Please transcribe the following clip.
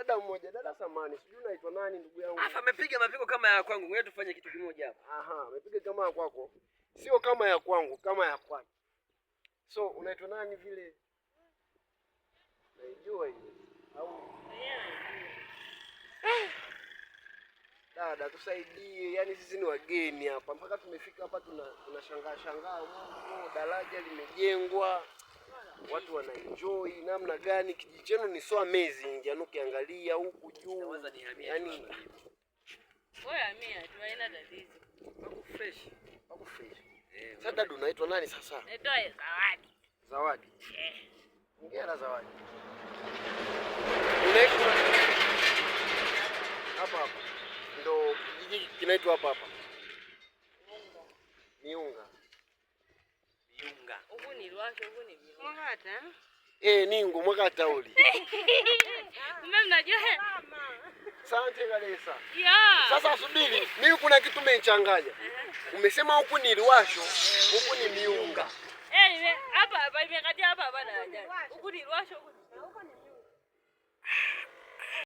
Dada mmoja, dada samani, sijui unaitwa nani ndugu yangu. Afa amepiga mapigo kama ya kwangu. Ngoja tufanye kitu kimoja hapa. Aha, amepiga kama ya kwako. Sio kama ya kwangu, kama ya kwake. So, unaitwa nani vile? Naijua hiyo. Au Dada tusaidie, yaani sisi ni wageni hapa. Mpaka tumefika hapa tuna tunashangaa shangaa, daraja limejengwa watu wanaenjoy namna gani? Kijiji chenu ni so amazing, yaani ukiangalia huku juu yani sasa dadu, unaitwa nani sasa? Eh, Zawadi. Zawadi. Eh. Ongea na Zawadi. Unaitwa hapa hapa. Ndio kijiji kinaitwa hapa hapa. Miunga mwaga ubuni lwake ubuni mwakata eh ningu mwakata uli mume mnajua Asante Kalesa. Yeah. Sasa subiri, mimi kuna kitu menchanganya. Umesema huku ni liwasho, huku ni miunga. Eh, hapa hapa imekatia hapa hapa na huku ni liwasho huku.